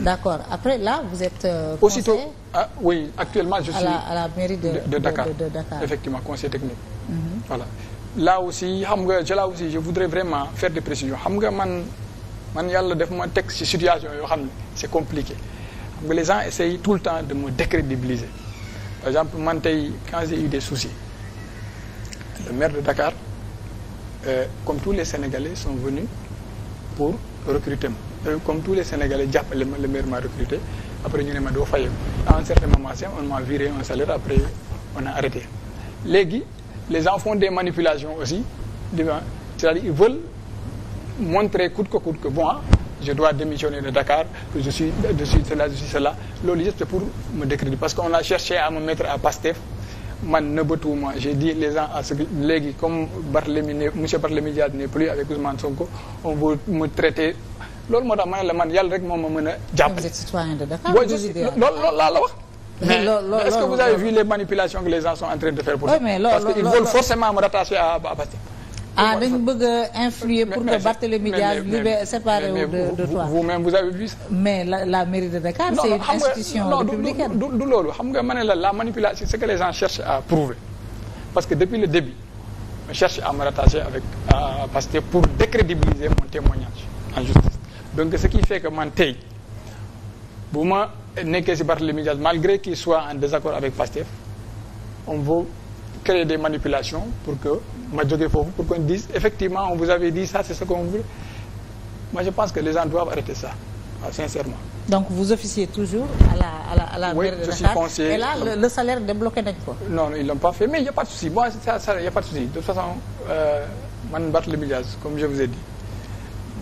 D'accord. Après, là, vous êtes euh, Aussitôt, ah, oui, actuellement, je suis à la, à la mairie de, de, de, Dakar. de, Dakar. Effectivement, conseiller technique. Mm -hmm. Voilà. Là aussi, je, là aussi, je voudrais vraiment faire des précisions. C'est compliqué. Les gens essayent tout le temps de me décrédibiliser. Par exemple, quand j'ai eu des soucis, le maire de Dakar, euh, comme tous les Sénégalais, sont venus pour recruter moi. Euh, comme tous les Sénégalais jàppale ma le maire m'a recruté après ñu ma doo fayee à un certain moment si on m'a viré un salaire après on a arrêté léegi les gens font des manipulations aussi c'est-à-dire ils veulent montrer coûte que que bon je dois démissionner de Dakar que je suis de suis cela je suis cela loolu yëpp c'est pour me décréditer parce qu'on a cherché à me mettre à Pastef man nëbbatuwuma j'ai dit les gens à ce que léegi comme Barthélémy ne monsieur Barthélémy Dias n'est plus avec Ousmane Sonko on veut me traiter loolu moo tax ma ne la man yàlla rek moom ma mën a jàppale boo loolu loolu laa la wax mais est-ce que vous avez vu les manipulations que les gens sont en train de faire pour ça parce qu'ils veulent forcément me rattacher à Pastef ah dañu bëgg a influer pour que Barthélémy Diaz libéré séparé wu de de toi vous-même vous avez vu ça mais la la mairie de Dakar c'est une institution républicaine non du loolu xam nga ma ne la la manipulation c'est ce que les gens cherchent à prouver parce que depuis le début je cherche à me rattacher avec Pastef pour décrédibiliser mon témoignage en justice donc ce qui fait que man tey bu ma nekkee si Barthélémy Dias malgré qu'il soit en désaccord avec Pastef on veut créer des manipulations pour que ma jógee foofu pour qu'on dise effectivement on vous avait dit ça c'est ce qu'on voulait moi je pense que les gens doivent arrêter ça waaw ah, sincèrement. donc vous officiez toujours à la à la à la. oui je suis salaire débloqué nañ ko. non non ils l'ont pas fait mais il y a pas de souci moi ça ça y a pas de souci de toute façon euh, man comme je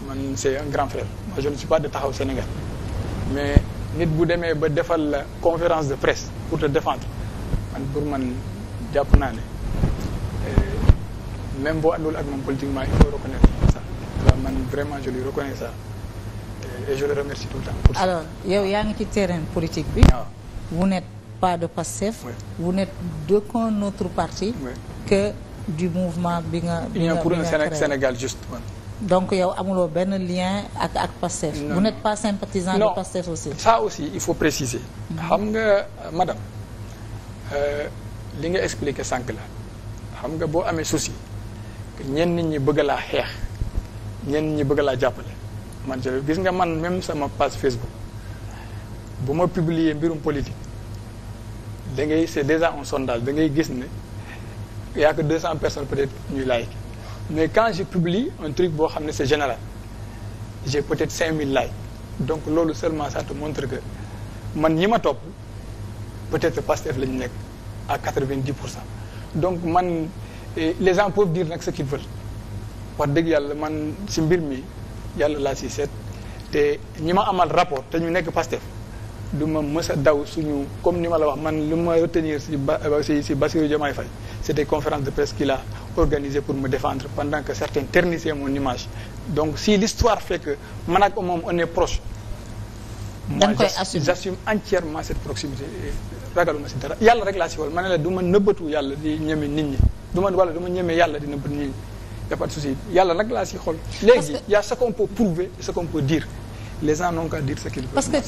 man c'est un grand frère moi je ne suis pas de taxaw Sénégal mais nit bu demee ba defal la conférence de presse pour te défendre man pour man jàpp naa ne euh, même boo àndul ak moom politiquement il faut reconnaître ça man vraiment je lui reconnais ça et je le remercie tout le temps pour ça. alors yow yaa ngi ci terrain politique bi. waaw vous n'êtes pas de PASTEF. oui vous n'êtes d'aucun autre parti. que du mouvement bi nga. bi nga bi pour un Sénégal juste donc yow amuloo benn lien ak ak Pastef. vous n'êtes pas sympathisant de Pastef aussi. ça aussi il faut préciser. Mm-hmm. xam nga madame euh, li nga expliqué sànq la xam nga boo amee souci ñenn ñi bëgg laa xeex ñenn ñi bëgg laa jàppale man gis nga man même sama page Facebook bu ma publier mbirum politique da ngay c'est déjà un sondage da ngay gis ni y a que 200 personnes peut-être ñuy like. mais quand je publie un truc boo xam ne c'est général j'ai peut-être cinq mille likes donc loolu seulement ça te montre que man ñi ma topp peut-être Pastef la ñu nekk vingt 90 pour cent donc man les gens peuvent dire nag ce qu'ils veulent wax dëgg yàlla man si mbir mi yàlla laa si seet te ñi ma amal rapport te ñu nekk Pastef du ma mës daw suñu comme ni ma la wax man lu ma retenir si ba si si Bassirou Diomaye c'est des conférences de presse qu'il a organisées pour me défendre pendant que certains ternissaient mon image. Donc si l'histoire fait que Manak Omom, on est proche, moi j'assume entièrement cette proximité. ragaluma si dara yàlla rek laa si wal ma ne la du ma nëbbatu yàlla di ñeme nit ñi du ma wala du ma ñeme yàlla di nëbbatu nit ñi y a yàlla rek laa si xool léegi y a ce qu'on peut prouver ce qu'on peut dire les gens non qu'à dire ce qu'ils veulent